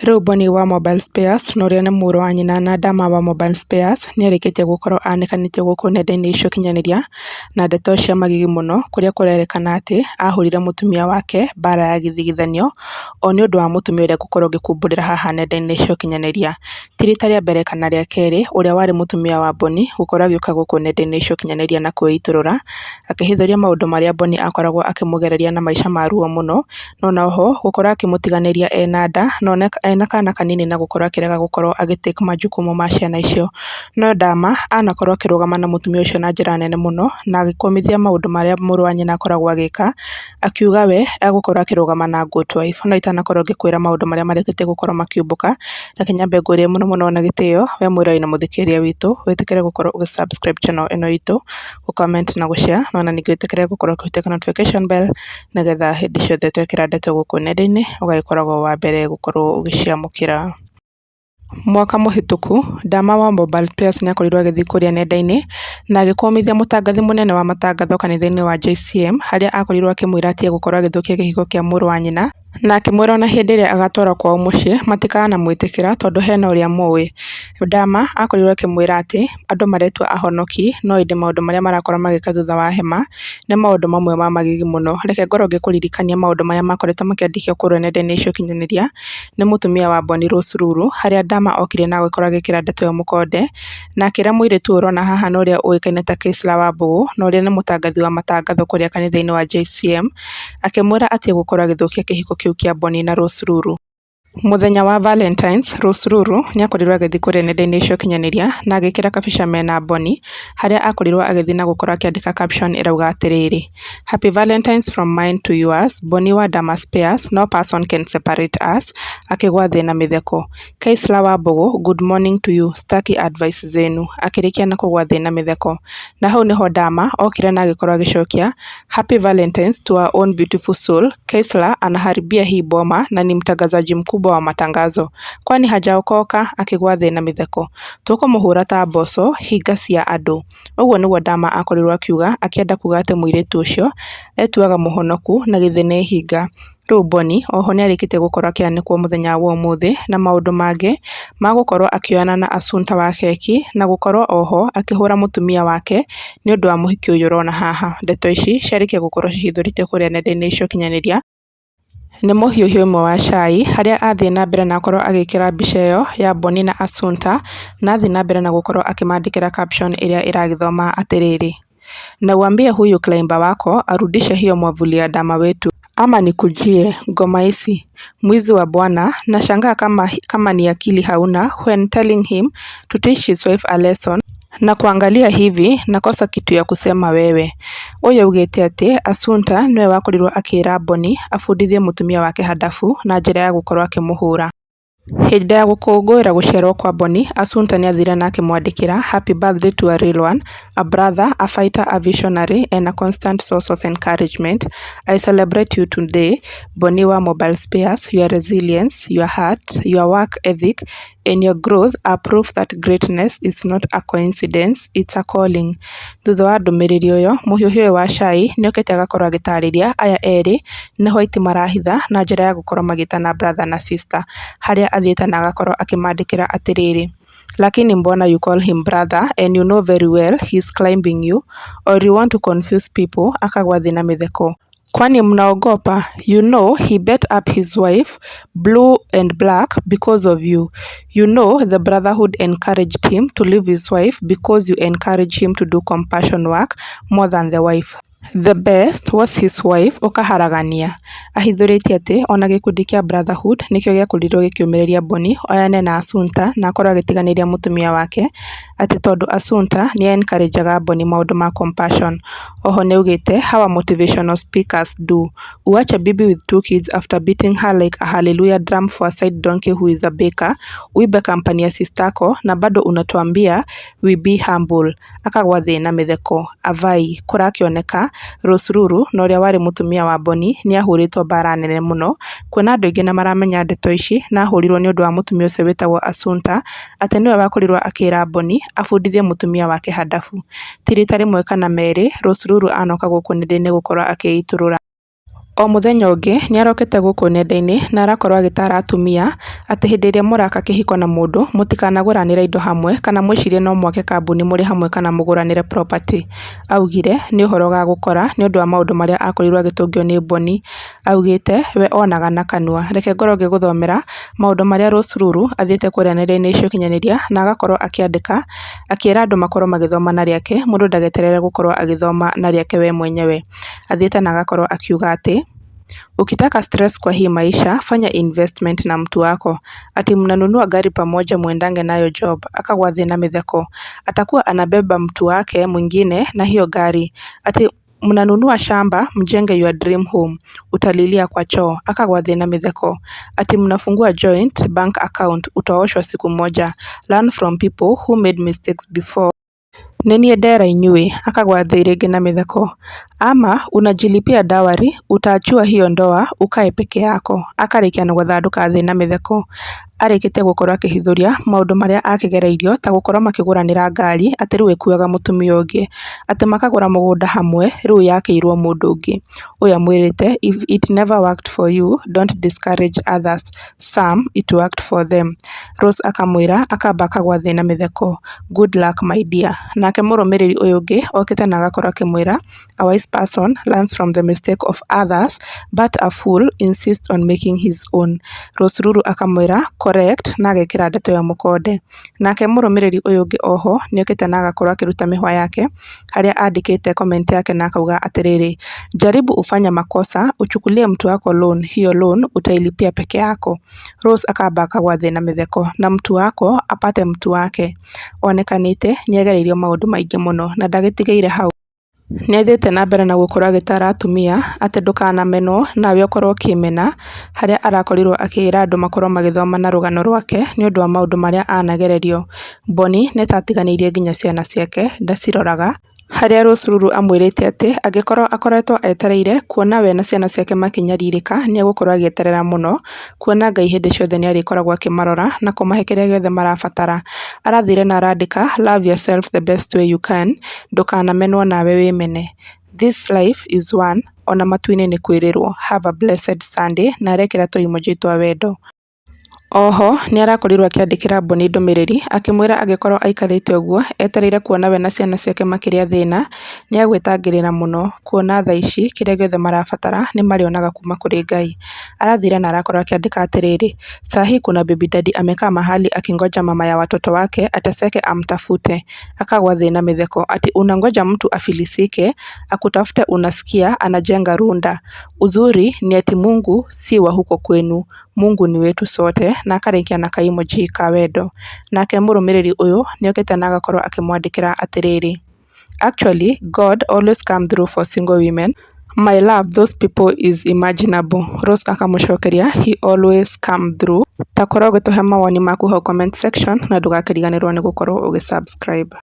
Rĩu Bonnie wa Mobile Spares na ũrĩa nĩ wa nyina na ndama wa Mobile Spares nĩarĩkĩtie gũkorwo anĩkanĩtio gũkũ nenda-inĩ cia kinyaniria na ndeto cia magigi muno kuria kũrerĩkana atĩ ahũrire mutumia wake mbara ya githigithanio o nĩũndũ wa mũtumia ũrĩa ngũkorwo ngĩkumbũrĩra haha nenda-inĩ cia kinyaniria Ti rita rĩa mbere kana rĩa kerĩ ũrĩa warĩ mũtumia wa Boni gũkorwo agĩũka gũkũ nenda-inĩ cia ũkinyanĩria na kwĩitũrũra, akĩhithũria maũndũ marĩa Boni akoragwo akĩmũgereria na maica ma ruo mũno, no noho gũkorwo akĩmũtiganĩria ena nda na ena kana kanini na gũkorwo akĩrega gũkorwo agĩ take majukumu ma ciana icio. No Dama anakorwo akĩrũgama na mũtumia ũcio na njĩra nene mũno na agĩkũmithia maũndũ marĩa mũrũ wa nyina akoragwo agĩka, akiuga we egũkorwo akĩrũgama na good wife no itanakorwo ngĩkwĩra maũndũ marĩa marĩkĩtie gũkorwo makiumbũka na Kĩnyambe Ngũria ĩmwe mũno na gĩtĩo we mũira na mũthikĩria witũ wĩtĩkĩre gũkorwo ũgĩ-subscribe channel ĩno itũ gũ-comment na gũ-share no na ningĩ wĩtĩkĩre gũkorwo ũkĩhũtia notification bell nĩgetha hĩndĩ ciothe twekĩra ndeto gũkũ nenda-inĩ ũgagĩkoragwo wa mbere gũkorwo ũgĩciamũkĩra. Mwaka mũhĩtũku Dama wa Mobile Players nĩakorirwo agĩthiĩ kũrĩa nenda-inĩ na agĩkũmithia mũtangathi mũnene wa matangatho kanitha-inĩ wa JCM harĩa akorirwo akĩmwĩra atige gũkorwo agĩthũkia kĩhiko kĩa mũrũ wa nyina na akĩmwĩra ona hĩndĩ ĩrĩa agatwarwo kwao mũciĩ matikanamwĩtĩkĩra tondũ hena ũrĩa moĩ. Ndama akorirwo akĩmwĩra atĩ andũ maretua ahonoki no ĩndĩ maũndũ marĩa marakorwo magĩka thutha wa hema nĩ maũndũ mamwe ma magigi mũno. Reke ngorwo ngĩkũririkania maũndũ marĩa makoretwo makĩandĩkwo kũrĩa nenda-inĩ cia ũkinyanĩria nĩ mũtumia wa Bonny Rose Ruru, harĩa Ndama okire na agĩkorwo agĩkĩra ndeto ĩyo mũkonde na akĩra mũirĩtu ũyũ ũrona haha na ũrĩa ũĩkaine ta Kĩsla Wambũgũ na ũrĩa nĩ mũtangathi wa matangatho kũrĩa kanitha-inĩ wa JCM, akĩmwĩra atĩ egũkorwo agĩthũkia kĩhiko kĩu kĩa Bonny na Rose Lulu Mũthenya wa Valentines, Rose Ruru nĩakorirwo agĩthiĩ kũrĩa nenda-inĩ cia ũkinyanĩria na agĩkĩra kabica mena Boni harĩa akorirwo agĩthiĩ na gũkorwo akĩandĩka caption ĩrauga atĩrĩrĩ, "Happy Valentines from mine to yours Boni wa Damas Pears no person can separate us" akĩgwa thĩ na Kaisla wa Bogo "Good morning to you staki advice zenu akĩrĩkia na kũgwa thĩ na mĩtheko. Na hau nĩho Dama okire na agĩkorwo agĩcokia "Happy Valentines to our own beautiful soul Kaisla anaharibia hii boma na ni mtangazaji mkubwa mkubwa wa matangazo kwani hajaokoka akigwa thĩ na mĩtheko. Tũkũmũhũra ta mboco hinga cia andũ", ũguo nĩguo Ndama akorirwo akiuga akienda kuuga atĩ mũirĩtu ũcio etuaga muhonoku na githĩ nĩ hinga. Rĩu Boni oho nĩarĩkĩtie gũkorwo akĩanĩkwo mũthenya wa ũmũthĩ na maũndũ mangĩ ma gũkorwo akĩoyana na Assunta Wakeki na gũkorwo oho akĩhũra mutumia wake ni nĩũndũ wa muhiki ũyũ ũrona haha. Ndeto ici ciarĩkia gũkorwo cihithũrĩtio kũrĩa nenda-inĩ cia ũkinyanĩria Nĩ mũhiũhio ũmwe wa cai harĩa athiĩ na mbere na akorwo agĩkĩra mbica ĩyo ya Boni na Assunta na athiĩ na mbere na gũkorwo akĩmandĩkĩra caption ĩrĩa ĩragĩthoma atĩrĩrĩ, "Nauambie huyu climber wako arudishe hiyo mwavuli ya ndama wetu ama nikujie ngoma hizi mwizi wa bwana nashangaa kama, kama ni akili hauna when telling him to teach his wife a lesson na kuangalia hivi nakosa kitu ya kusema wewe uyu augite ati Assunta niwe wakorirwo akira Boni abundithie mutumia wake Hadafu na njira ya gukorwo akimuhura Hĩndĩ ya gũkũngũĩra gũciarwo kwa Boni, ni nĩathire na akĩmwandĩkĩra "Happy birthday to a real one, a brother, a fighter, a visionary and a constant source of encouragement. I celebrate you today, Boni wa Mobile Spares, your resilience, your heart, your work ethic in your growth are proof that greatness is not a coincidence, it's a calling. Thutha wa ndũmĩrĩri ũyo, mũhiũhi ũyũ wa cai nĩokĩte agakorwo agĩtarĩria aya erĩ nĩ white marahitha na njĩra ya gũkorwo magĩtana brother na sister, harĩa athiĩte na agakorwo akĩmandĩkĩra atĩrĩrĩ, Lakini mbona you call him brother and you know very well he's climbing you or you want to confuse people akagwa thĩ na mĩtheko Kwani mnaogopa? You know he bet up his wife, blue and black, because of you. You know the brotherhood encouraged him to leave his wife because you encourage him to do compassion work more than the wife. The best was his wife ukaharagania Ahithũrĩtie atĩ ona gĩkundi kĩa Brotherhood nĩkĩo gĩakorirwo gĩkĩũmĩrĩria Boni oyane na Assunta na akorwo agĩtiganĩria mũtumia wake atĩ tondũ nĩ nĩaencourageaga Boni maũndũ ma compassion. Oho nĩaugĩte how are motivational speakers do, Watch a baby with two kids after beating her like a hallelujah drum for a side donkey who is a baker, uibe company ya sistako na bado unatuambia we be humble, akagwa thĩ na mĩtheko." Avai, kũrakĩoneka Rose Lulu na ũrĩa warĩ mũtumia wa Boni nĩahũrĩtwo nĩmaheanĩtwo mbara nene mũno kuona andũ aingĩ nĩmaramenya ndeto ici na ahũrirwo nĩũndũ wa mũtumia ũcio wĩtagwo Assunta atĩ nĩwe wakorirwo akĩra Boni abundithie mũtumia wake handabu. Ti rita rĩmwe kana merĩ Rose Lulu anoka gũkũ nenda-inĩ gũkorwo akĩitũrũra. O mũthenya ũngĩ nĩarokete gũkũ nenda-inĩ na arakorwo agĩtara atumia atĩ hĩndĩ ĩrĩa mũraka kĩhiko na mũndũ mũtikanagũranĩre indo hamwe kana mwĩcirie no mwake kambuni mũrĩ hamwe kana mũgũranĩre property. Augire "nĩ ũhoro wa gũkora" nĩũndũ wa maũndũ marĩa akorirwo agĩtũngio nĩ Boni. Augĩte "we onaga na kanua, reke ngorwo ngĩgũthomera maũndũ marĩa Rose Ruru athiĩte kũrĩa nenda-inĩ cia ũkinyanĩria na agakorwo akĩandĩka, akĩra andũ makorwo magĩthoma na rĩake, mũndũ ndageterere gũkorwo agĩthoma na rĩake we mwenyewe". Athiĩte na agakorwo akiuga atĩ Ukitaka stress kwa hii maisha, fanya investment na mtu wako. Ati mnanunua gari pamoja muendange nayo job, akagwathe na mitheko. Atakuwa anabeba mtu wake mwingine na hiyo gari. Ati mnanunua shamba, mjenge your dream home. Utalilia kwa choo, akagwathe na mitheko. Ati mnafungua joint bank account, utaoshwa siku moja. Learn from people who made mistakes before. Nenie dera inyue, akagwathĩ na mitheko. Ama unajilipia dawari utachukua hiyo ndoa ukae peke yako akarĩkia na gũthandũka thĩ na mĩtheko. Arĩkĩtie gũkorwo akĩhithũria maũndũ marĩa akĩgereirio ta gũkorwo makĩgũranĩra ngari atĩ rĩu ĩkuaga mũtumia ũngĩ, atĩ makagũra mũgũnda hamwe rĩu yakĩirwo mũndũ ũngĩ, ũyũ amwĩrĩte "If it never worked for you, don't discourage others, some it worked for them" Rose akamwira akamba akagwa thĩ na mĩtheko "good luck my dear" nake mũrũmĩrĩri ũyũ ũngĩ okĩte na agakorwo akĩmwĩra "a wise person learns from the mistake of others but a fool insists on making his own" Rose Ruru akamwira "correct" na agekĩra ndeto ya mukonde Nake mũrũmĩrĩri ũyũ ũngĩ oho ni nĩokĩte na agakorwo akĩruta mihwa yake haria andĩkĩte comment yake na akauga atiriri "jaribu ufanya makosa uchukulie mtu wako loan hiyo loan utailipia peke yako" Rose akamba akagwa thĩ na mĩtheko na mũtu wakwa apate mũtu wake. Onekanĩte nĩagereirio maũndũ maingĩ mũno na ndagĩtigĩire hau. Nĩathiĩte na mbere na gũkorwo agĩtara atumia atĩ ndũkanamenwo nawe ũkorwo ũkĩmena, harĩa arakorirwo akĩra andũ makorwo magĩthoma na rũgano rwake nĩũndũ wa maũndũ marĩa anagererio. Boni nĩatatiganĩirie nginya ciana ciake ndaciroraga. Harĩa Rũcirũ amwĩrĩte atĩ angĩkorwo akoretwo etereire kuona we na ciana ciake makinyarirĩka nĩegũkorwo agĩeterera mũno kuona Ngai hĩndĩ ciothe nĩarĩkoragwo akĩmarora na kũmahe kĩrĩa gĩothe marabatara. Arathire na arandĩka "Love yourself the best way you can ndũkanamenwo nawe wĩmene. This life is one" ona matu-inĩ nĩ kwĩrĩrwo "Have a blessed Sunday" na arekĩra tũ emoji twa wendo. Oho nĩarakorirwo akĩandĩkĩra Boni ndũmĩrĩri akĩmwĩra angĩkorwo aikarĩte ũguo etereire kuona we na ciana ciake makĩria thĩna nĩagwĩtangĩrĩra mũno kuona thaa ici kĩrĩa gĩothe marabatara nĩmarĩonaga kuma kũrĩ Ngai. Arathire na arakorwo akĩandĩka atĩrĩrĩ "Saa hii kuna Baby Daddy amekaa mahali akingoja mama ya watoto wake ateseke amtafute. Akagwa thina Mitheko ati unangoja mtu afilisike akutafute unasikia anajenga runda. Uzuri ni ati Mungu si wa huko kwenu. Mungu nĩ witũ sote na akarĩkia na kaimoji ka wendo. Nake mũrũmĩrĩri ũyũ nĩokĩte na agakorwo akĩmwandĩkĩra atĩrĩrĩ, Actually, God always come through for single women. My love those people is imaginable. Rose akamũcokeria he always come through. Ta korwo ũgĩtũhe mawoni maku hau comment section na ndũgakĩriganĩrwo nĩ gũkorwo ũgĩ subscribe.